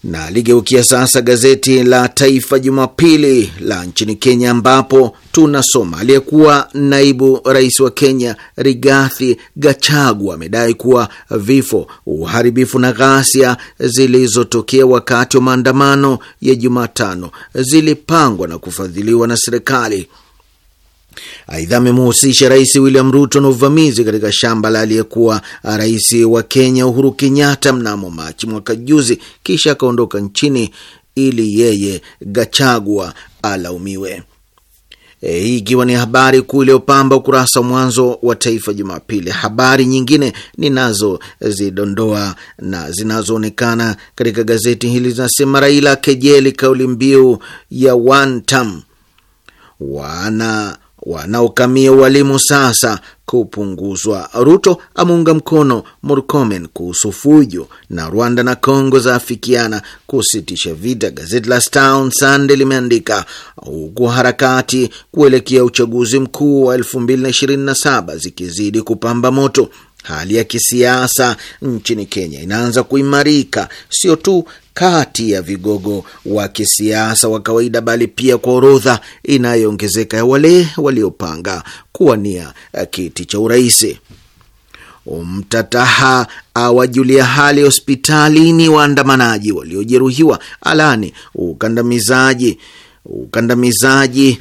na ligeukia sasa gazeti la Taifa Jumapili la nchini Kenya, ambapo tunasoma aliyekuwa naibu rais wa Kenya Rigathi Gachagua amedai kuwa vifo, uharibifu na ghasia zilizotokea wakati wa maandamano ya Jumatano zilipangwa na kufadhiliwa na serikali. Aidha, amemhusisha Rais William Ruto na uvamizi katika shamba la aliyekuwa rais wa Kenya Uhuru Kenyatta mnamo Machi mwaka juzi, kisha akaondoka nchini ili yeye Gachagua alaumiwe. E, hii ikiwa ni habari kuu iliyopamba ukurasa wa mwanzo wa Taifa Jumapili. Habari nyingine ninazozidondoa na zinazoonekana katika gazeti hili zinasema Raila kejeli kauli mbiu ya one term, wana wanaokamia ualimu sasa kupunguzwa. Ruto ameunga mkono Murkomen kuhusu fujo na Rwanda na congo zaafikiana kusitisha vita. Gazeti la stown Sunday limeandika huku harakati kuelekea uchaguzi mkuu wa 2027 zikizidi kupamba moto Hali ya kisiasa nchini Kenya inaanza kuimarika, sio tu kati ya vigogo wa kisiasa wa kawaida, bali pia kwa orodha inayoongezeka ya wale waliopanga kuwania eh, kiti cha urais. Umtataha awajulia hali hospitalini waandamanaji waliojeruhiwa, alani ukandamizaji ukandamizaji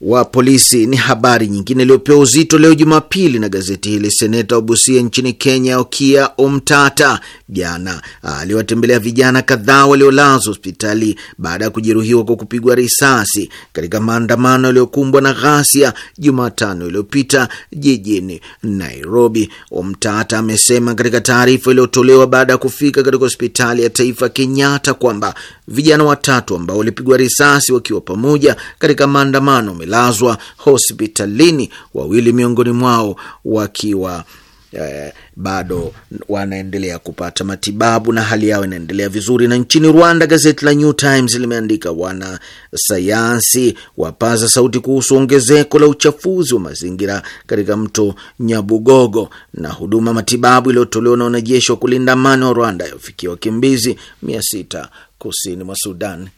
wa polisi ni habari nyingine iliyopewa uzito leo Jumapili na gazeti hili. Seneta Obusia nchini Kenya, Okia Omtata, jana aliwatembelea vijana kadhaa waliolazwa hospitali baada ya kujeruhiwa kwa kupigwa risasi katika maandamano yaliyokumbwa na ghasia Jumatano iliyopita jijini Nairobi. Omtata amesema katika taarifa iliyotolewa baada ya kufika katika hospitali ya taifa Kenyatta kwamba vijana watatu ambao walipigwa risasi wakiwa pamoja katika maandamano wamelazwa hospitalini, wawili miongoni mwao wakiwa eh, bado wanaendelea kupata matibabu na hali yao inaendelea vizuri. Na nchini Rwanda, gazeti la New Times limeandika wanasayansi wapaza sauti kuhusu ongezeko la uchafuzi wa mazingira katika mto Nyabugogo, na huduma matibabu iliyotolewa na wanajeshi wa kulinda amani wa Rwanda yafikia wakimbizi mia sita kusini mwa Sudan.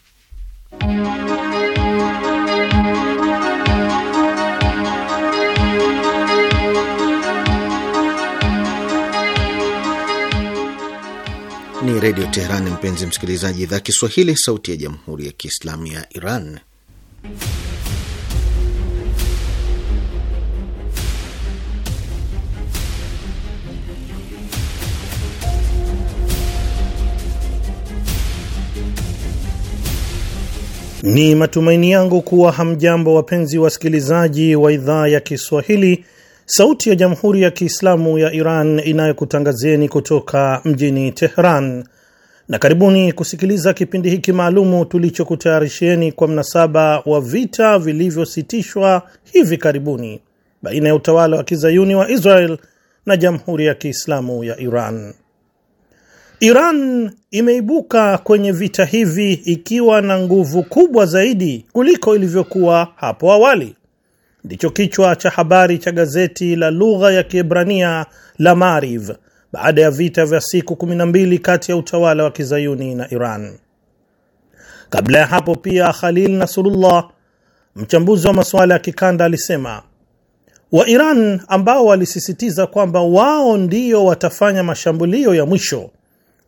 ni Redio Teheran. Mpenzi msikilizaji, idhaa Kiswahili, sauti ya jamhuri ya kiislamu ya Iran. Ni matumaini yangu kuwa hamjambo, wapenzi wasikilizaji wa idhaa ya Kiswahili, Sauti ya Jamhuri ya Kiislamu ya Iran inayokutangazieni kutoka mjini Tehran, na karibuni kusikiliza kipindi hiki maalumu tulichokutayarishieni kwa mnasaba wa vita vilivyositishwa hivi karibuni baina ya utawala wa kizayuni wa Israel na Jamhuri ya Kiislamu ya Iran. Iran imeibuka kwenye vita hivi ikiwa na nguvu kubwa zaidi kuliko ilivyokuwa hapo awali ndicho kichwa cha habari cha gazeti la lugha ya Kiebrania la Maariv baada ya vita vya siku 12 kati ya utawala wa kizayuni na Iran. Kabla ya hapo pia, Khalil Nasrullah, mchambuzi wa masuala ya kikanda, alisema wa Iran ambao walisisitiza kwamba wao ndio watafanya mashambulio ya mwisho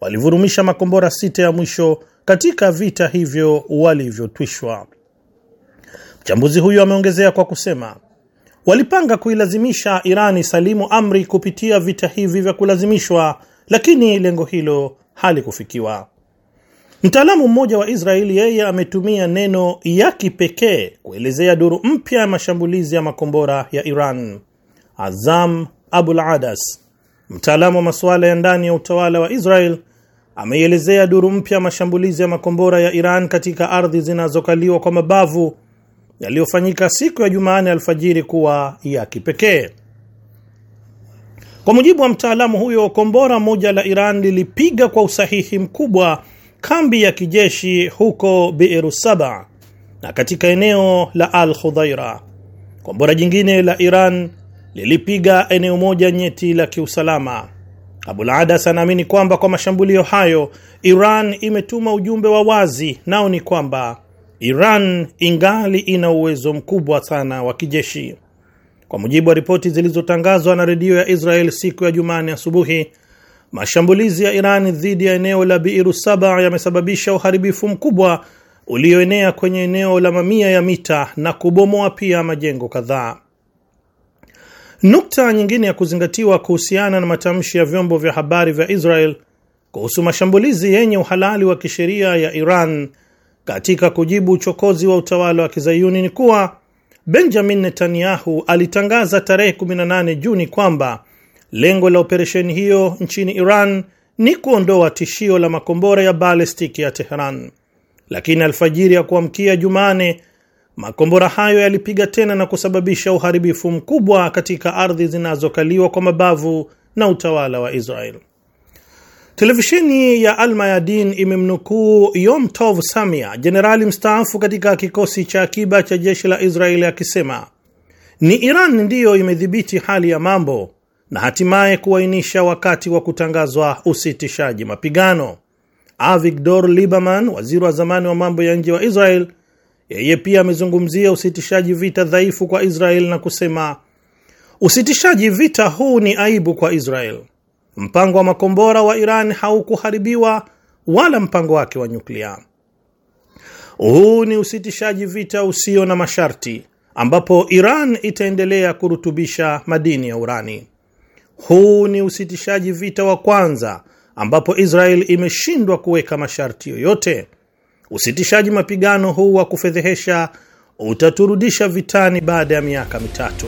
walivurumisha makombora sita ya mwisho katika vita hivyo walivyotwishwa. Mchambuzi huyu ameongezea kwa kusema walipanga kuilazimisha Irani salimu amri kupitia vita hivi vya kulazimishwa, lakini lengo hilo halikufikiwa. Mtaalamu mmoja wa Israeli yeye ametumia neno ya kipekee kuelezea duru mpya ya mashambulizi ya makombora ya Iran. Azam Abul Adas, mtaalamu wa masuala ya ndani ya utawala wa Israel, ameielezea duru mpya ya mashambulizi ya makombora ya Iran katika ardhi zinazokaliwa kwa mabavu yaliyofanyika siku ya Jumanne alfajiri kuwa ya kipekee. Kwa mujibu wa mtaalamu huyo, kombora moja la Iran lilipiga kwa usahihi mkubwa kambi ya kijeshi huko Biru Saba na katika eneo la Al Khudhaira. Kombora jingine la Iran lilipiga eneo moja nyeti la kiusalama. Abul Adas anaamini kwamba kwa mashambulio hayo Iran imetuma ujumbe wa wazi, nao ni kwamba Iran ingali ina uwezo mkubwa sana wa kijeshi. Kwa mujibu wa ripoti zilizotangazwa na redio ya Israel siku ya jumani asubuhi, mashambulizi ya Iran dhidi ya eneo la Biiru Saba yamesababisha uharibifu mkubwa ulioenea kwenye eneo la mamia ya mita na kubomoa pia majengo kadhaa. Nukta nyingine ya kuzingatiwa kuhusiana na matamshi ya vyombo vya habari vya Israel kuhusu mashambulizi yenye uhalali wa kisheria ya Iran katika kujibu uchokozi wa utawala wa kizayuni ni kuwa Benjamin Netanyahu alitangaza tarehe 18 Juni kwamba lengo la operesheni hiyo nchini Iran ni kuondoa tishio la makombora ya balestiki ya Teheran, lakini alfajiri ya kuamkia Jumane makombora hayo yalipiga tena na kusababisha uharibifu mkubwa katika ardhi zinazokaliwa kwa mabavu na utawala wa Israel. Televisheni ya Almayadin imemnukuu Yom Tov Samia, jenerali mstaafu katika kikosi cha akiba cha jeshi la Israeli, akisema ni Iran ndiyo imedhibiti hali ya mambo na hatimaye kuainisha wakati wa kutangazwa usitishaji mapigano. Avigdor liberman waziri wa zamani wa mambo ya nje wa Israel, yeye pia amezungumzia usitishaji vita dhaifu kwa Israel na kusema usitishaji vita huu ni aibu kwa Israel. Mpango wa makombora wa Iran haukuharibiwa wala mpango wake wa nyuklia. Huu ni usitishaji vita usio na masharti ambapo Iran itaendelea kurutubisha madini ya urani. Huu ni usitishaji vita wa kwanza ambapo Israel imeshindwa kuweka masharti yoyote. Usitishaji mapigano huu wa kufedhehesha utaturudisha vitani baada ya miaka mitatu.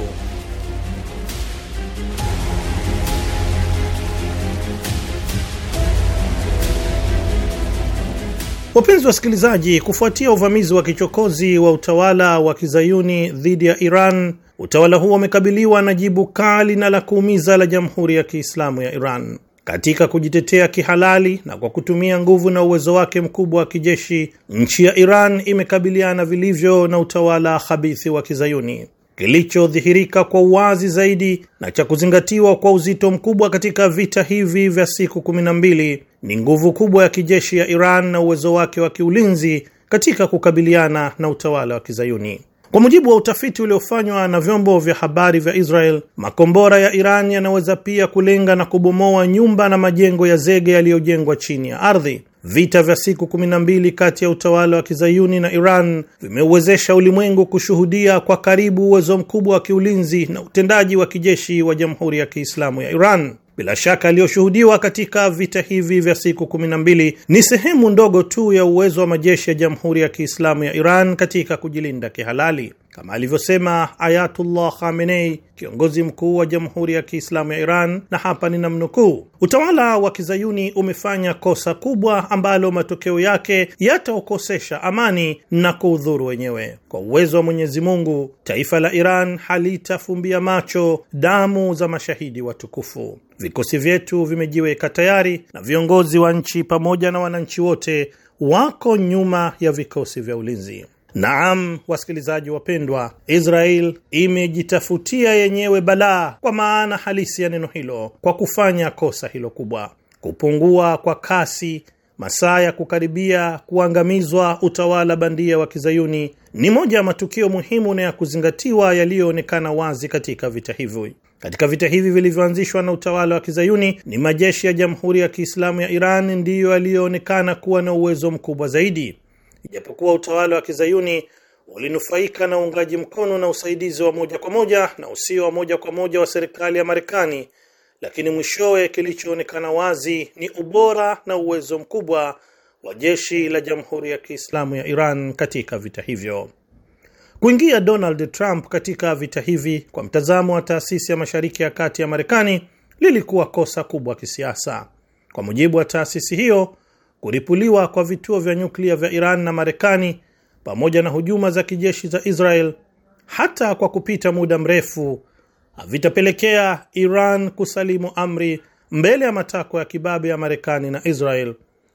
Wapenzi wasikilizaji, kufuatia uvamizi wa kichokozi wa utawala wa kizayuni dhidi ya Iran, utawala huo umekabiliwa na jibu kali na la kuumiza la Jamhuri ya Kiislamu ya Iran. Katika kujitetea kihalali na kwa kutumia nguvu na uwezo wake mkubwa wa kijeshi, nchi ya Iran imekabiliana vilivyo na utawala habithi wa kizayuni. Kilichodhihirika kwa uwazi zaidi na cha kuzingatiwa kwa uzito mkubwa katika vita hivi vya siku kumi na mbili ni nguvu kubwa ya kijeshi ya Iran na uwezo wake wa kiulinzi katika kukabiliana na utawala wa kizayuni. Kwa mujibu wa utafiti uliofanywa na vyombo vya habari vya Israel, makombora ya Iran yanaweza pia kulenga na kubomoa nyumba na majengo ya zege yaliyojengwa chini ya ardhi. Vita vya siku 12 kati ya utawala wa kizayuni na Iran vimeuwezesha ulimwengu kushuhudia kwa karibu uwezo mkubwa wa kiulinzi na utendaji wa kijeshi wa Jamhuri ya Kiislamu ya Iran. Bila shaka aliyoshuhudiwa katika vita hivi vya siku mbili ni sehemu ndogo tu ya uwezo wa majeshi ya Jamhuri ya Kiislamu ya Iran katika kujilinda kihalali kama alivyosema Ayatullah Khamenei, kiongozi mkuu wa Jamhuri ya Kiislamu ya Iran, na hapa ninamnukuu: utawala wa kizayuni umefanya kosa kubwa ambalo matokeo yake yataokosesha amani na kuudhuru wenyewe. Kwa uwezo wa Mwenyezi Mungu, taifa la Iran halitafumbia macho damu za mashahidi watukufu. Vikosi vyetu vimejiweka tayari na viongozi wa nchi pamoja na wananchi wote wako nyuma ya vikosi vya ulinzi. Naam, wasikilizaji wapendwa, Israel imejitafutia yenyewe balaa kwa maana halisi ya neno hilo, kwa kufanya kosa hilo kubwa, kupungua kwa kasi masaa ya kukaribia kuangamizwa utawala bandia wa kizayuni ni moja ya matukio muhimu na ya kuzingatiwa yaliyoonekana wazi katika vita hivi. Katika vita hivi vilivyoanzishwa na utawala wa kizayuni, ni majeshi ya Jamhuri ya Kiislamu ya Iran ndiyo yaliyoonekana kuwa na uwezo mkubwa zaidi, Ijapokuwa utawala wa kizayuni ulinufaika na uungaji mkono na usaidizi wa moja kwa moja na usio wa moja kwa moja wa serikali ya Marekani, lakini mwishowe kilichoonekana wazi ni ubora na uwezo mkubwa wa jeshi la Jamhuri ya Kiislamu ya Iran katika vita hivyo. Kuingia Donald Trump katika vita hivi kwa mtazamo wa taasisi ya Mashariki ya Kati ya Marekani lilikuwa kosa kubwa kisiasa. Kwa mujibu wa taasisi hiyo, kuripuliwa kwa vituo vya nyuklia vya Iran na Marekani pamoja na hujuma za kijeshi za Israel hata kwa kupita muda mrefu havitapelekea Iran kusalimu amri mbele ya matakwa ya kibabe ya Marekani na Israel,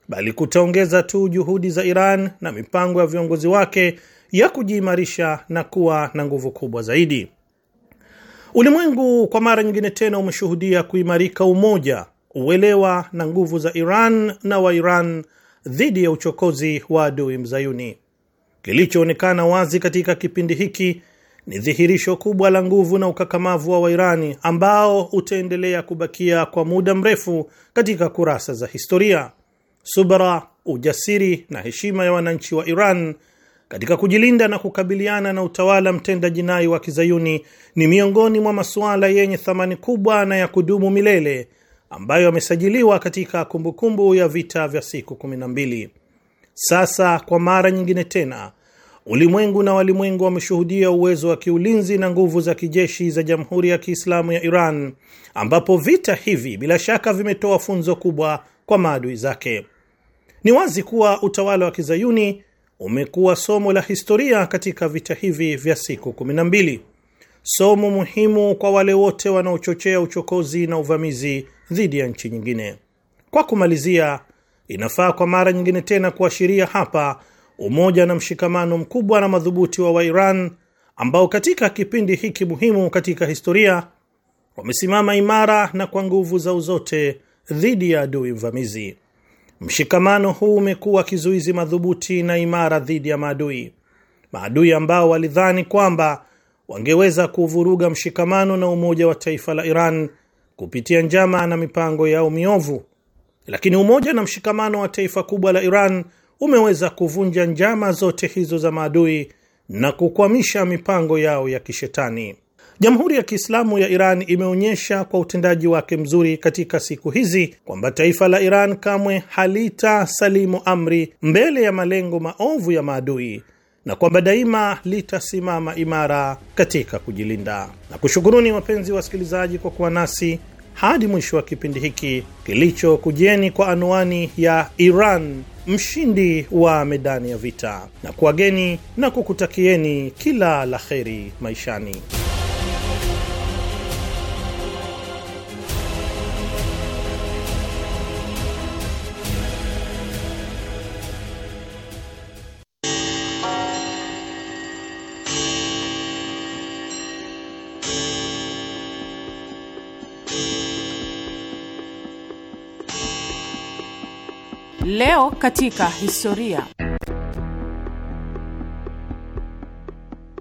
bali kutaongeza tu juhudi za Iran na mipango ya viongozi wake ya kujiimarisha na kuwa na nguvu kubwa zaidi. Ulimwengu kwa mara nyingine tena umeshuhudia kuimarika umoja uelewa na nguvu za Iran na wa iran dhidi ya uchokozi wa adui mzayuni. Kilichoonekana wazi katika kipindi hiki ni dhihirisho kubwa la nguvu na ukakamavu wa Wairani ambao utaendelea kubakia kwa muda mrefu katika kurasa za historia. Subra, ujasiri na heshima ya wananchi wa Iran katika kujilinda na kukabiliana na utawala mtenda jinai wa kizayuni ni miongoni mwa masuala yenye thamani kubwa na ya kudumu milele ambayo yamesajiliwa katika kumbukumbu kumbu ya vita vya siku 12. Sasa kwa mara nyingine tena ulimwengu na walimwengu wameshuhudia uwezo wa kiulinzi na nguvu za kijeshi za Jamhuri ya Kiislamu ya Iran, ambapo vita hivi bila shaka vimetoa funzo kubwa kwa maadui zake. Ni wazi kuwa utawala wa kizayuni umekuwa somo la historia katika vita hivi vya siku 12, somo muhimu kwa wale wote wanaochochea uchokozi na uvamizi dhidi ya nchi nyingine. Kwa kumalizia, inafaa kwa mara nyingine tena kuashiria hapa umoja na mshikamano mkubwa na madhubuti wa Wairan ambao katika kipindi hiki muhimu katika historia wamesimama imara na kwa nguvu zao zote dhidi ya adui mvamizi. Mshikamano huu umekuwa kizuizi madhubuti na imara dhidi ya maadui, maadui ambao walidhani kwamba wangeweza kuvuruga mshikamano na umoja wa taifa la Iran kupitia njama na mipango yao miovu, lakini umoja na mshikamano wa taifa kubwa la Iran umeweza kuvunja njama zote hizo za maadui na kukwamisha mipango yao ya kishetani. Jamhuri ya Kiislamu ya Iran imeonyesha kwa utendaji wake mzuri katika siku hizi kwamba taifa la Iran kamwe halita salimu amri mbele ya malengo maovu ya maadui na kwamba daima litasimama imara katika kujilinda. Na kushukuruni wapenzi wasikilizaji kwa kuwa nasi hadi mwisho wa kipindi hiki kilichokujieni kwa anwani ya Iran mshindi wa medani ya vita, na kuwageni na kukutakieni kila la kheri maishani. Leo katika historia.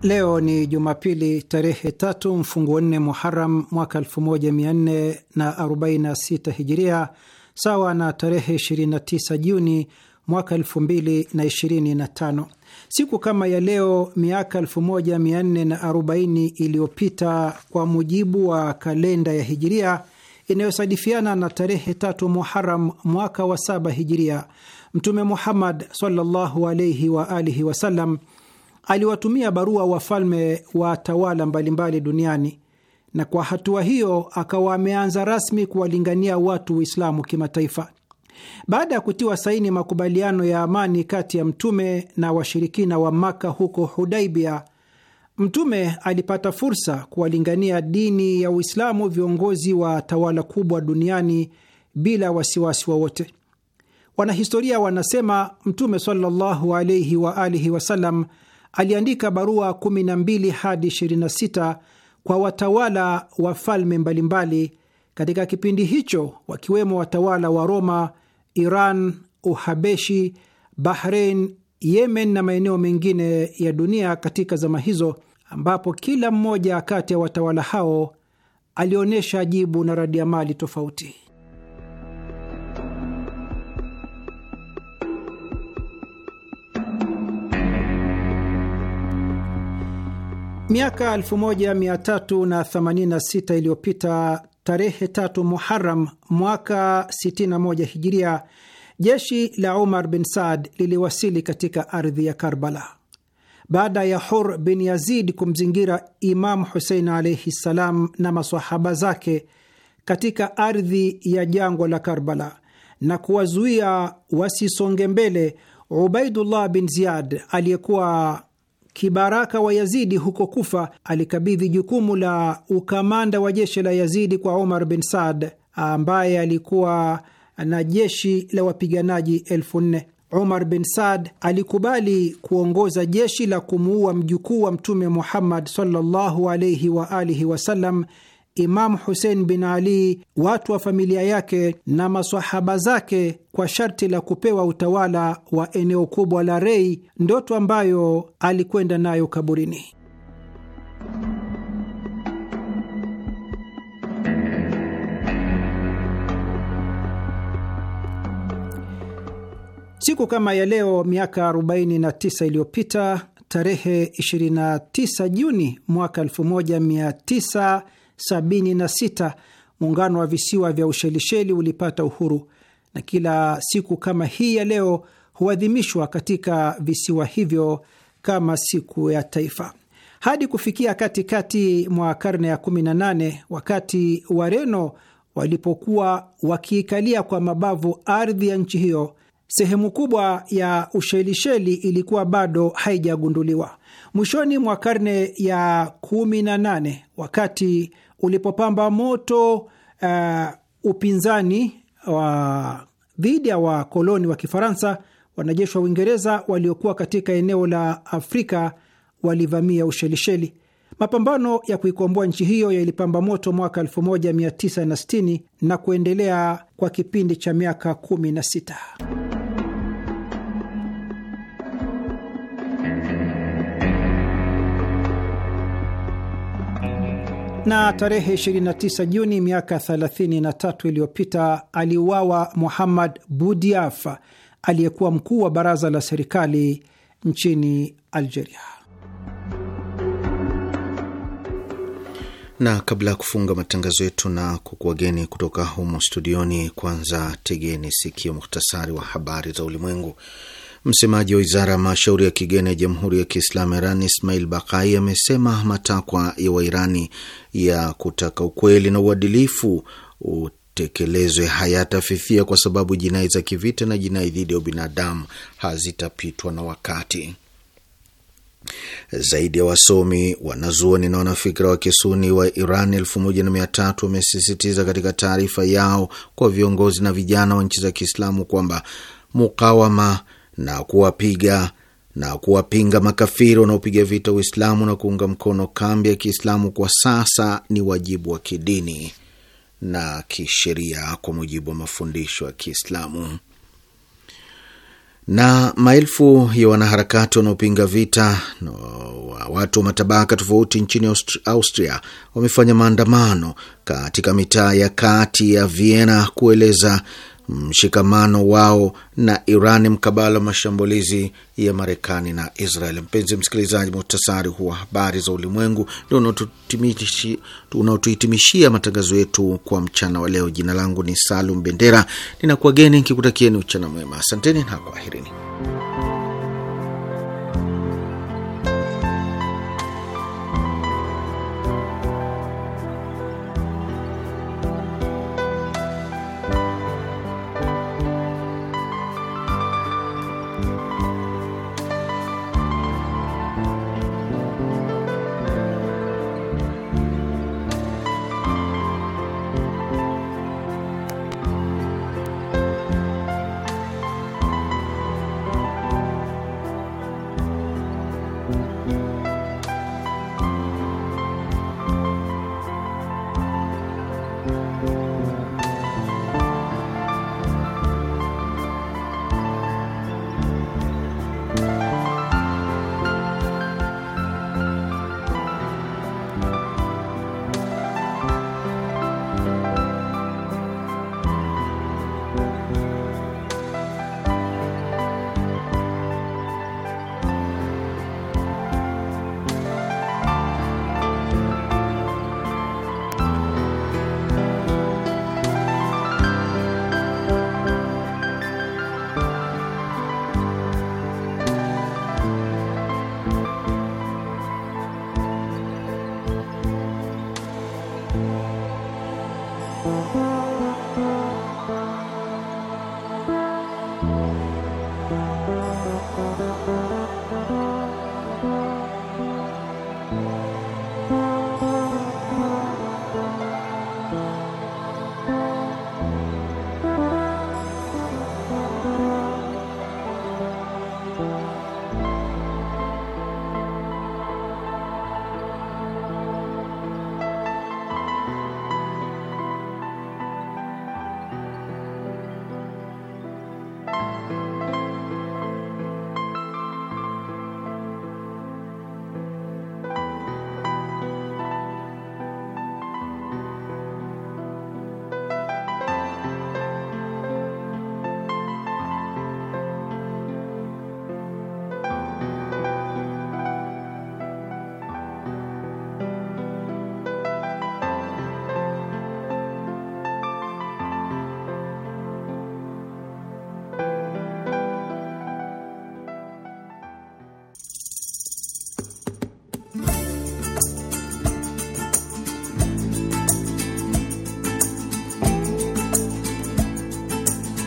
Leo ni Jumapili tarehe tatu mfunguo nne Muharam mwaka 1446 Hijiria, sawa na tarehe 29 Juni mwaka 2025. Siku kama ya leo miaka 1440 iliyopita, kwa mujibu wa kalenda ya Hijiria, inayosadifiana na tarehe tatu Muharam mwaka wa saba hijiria, Mtume Muhammad sallallahu alaihi wa alihi wasallam aliwatumia barua wafalme wa tawala mbalimbali duniani, na kwa hatua hiyo akawa ameanza rasmi kuwalingania watu Uislamu kimataifa. Baada ya kutiwa saini makubaliano ya amani kati ya mtume na washirikina wa Maka huko Hudaibia, Mtume alipata fursa kuwalingania dini ya Uislamu viongozi wa tawala kubwa duniani bila wasiwasi wowote. Wanahistoria wanasema Mtume sallallahu wa alihi wasallam aliandika barua 12 hadi 26 kwa watawala wa falme mbalimbali katika kipindi hicho, wakiwemo watawala wa Roma, Iran, Uhabeshi, Bahrein, Yemen na maeneo mengine ya dunia katika zama hizo ambapo kila mmoja kati ya watawala hao alionyesha jibu na radiamali tofauti. Miaka 1386 iliyopita, tarehe tatu Muharam mwaka 61 Hijiria, jeshi la Umar bin Saad liliwasili katika ardhi ya Karbala baada ya Hur bin Yazid kumzingira Imamu Husein alaihi ssalam na masahaba zake katika ardhi ya jangwa la Karbala na kuwazuia wasisonge mbele, Ubaidullah bin Ziyad aliyekuwa kibaraka wa Yazidi huko Kufa alikabidhi jukumu la ukamanda wa jeshi la Yazidi kwa Omar bin Saad ambaye alikuwa na jeshi la wapiganaji elfu nne. Umar bin Saad alikubali kuongoza jeshi la kumuua mjukuu wa Mtume Muhammad sallallahu alaihi wa alihi wasallam Imamu Husein bin Ali, watu wa familia yake na masahaba zake kwa sharti la kupewa utawala wa eneo kubwa la Rei, ndoto ambayo alikwenda nayo kaburini. Siku kama ya leo miaka 49 iliyopita, tarehe 29 Juni mwaka 1976 muungano wa visiwa vya Ushelisheli ulipata uhuru, na kila siku kama hii ya leo huadhimishwa katika visiwa hivyo kama siku ya taifa hadi kufikia katikati mwa karne ya 18 wakati Wareno walipokuwa wakiikalia kwa mabavu ardhi ya nchi hiyo. Sehemu kubwa ya Ushelisheli ilikuwa bado haijagunduliwa. Mwishoni mwa karne ya 18 wakati ulipopamba moto uh, upinzani wa dhidi ya wakoloni wa Kifaransa, wanajeshi wa Uingereza waliokuwa katika eneo la Afrika walivamia Ushelisheli. Mapambano ya kuikomboa nchi hiyo yalipamba moto mwaka 1960 na kuendelea kwa kipindi cha miaka 16. Na tarehe 29 Juni miaka 33 iliyopita aliuawa Muhammad Budiaf aliyekuwa mkuu wa baraza la serikali nchini Algeria. Na kabla ya kufunga matangazo yetu na kukuwageni kutoka humo studioni, kwanza tegeni sikio muhtasari wa habari za ulimwengu. Msemaji wa wizara ya mashauri ya kigeni ya Jamhuri ya Kiislamu Iran Ismail Bakai amesema matakwa ya Wairani ya kutaka ukweli na uadilifu utekelezwe hayatafifia kwa sababu jinai za kivita na jinai dhidi ya ubinadamu hazitapitwa na wakati. Zaidi ya wasomi, wanazuoni na wanafikira wa kisuni wa Iran elfu moja na mia tatu wamesisitiza katika taarifa yao kwa viongozi na vijana wa nchi za Kiislamu kwamba mukawama na kuwapiga na kuwapinga makafiri wanaopiga vita Uislamu na kuunga mkono kambi ya Kiislamu kwa sasa ni wajibu wa kidini na kisheria kwa mujibu wa mafundisho ya Kiislamu. Na maelfu ya wanaharakati wanaopinga vita na watu wa matabaka tofauti nchini Austria wamefanya maandamano katika mitaa ya kati ya Vienna kueleza mshikamano wao na Iran mkabala mashambulizi ya Marekani na Israel. Mpenzi msikilizaji, muhtasari huwa habari za ulimwengu ndio unaotuhitimishia matangazo yetu kwa mchana wa leo. Jina langu ni Salum Bendera, ninakuwageni nikikutakieni uchana mwema. Asanteni na kwaherini.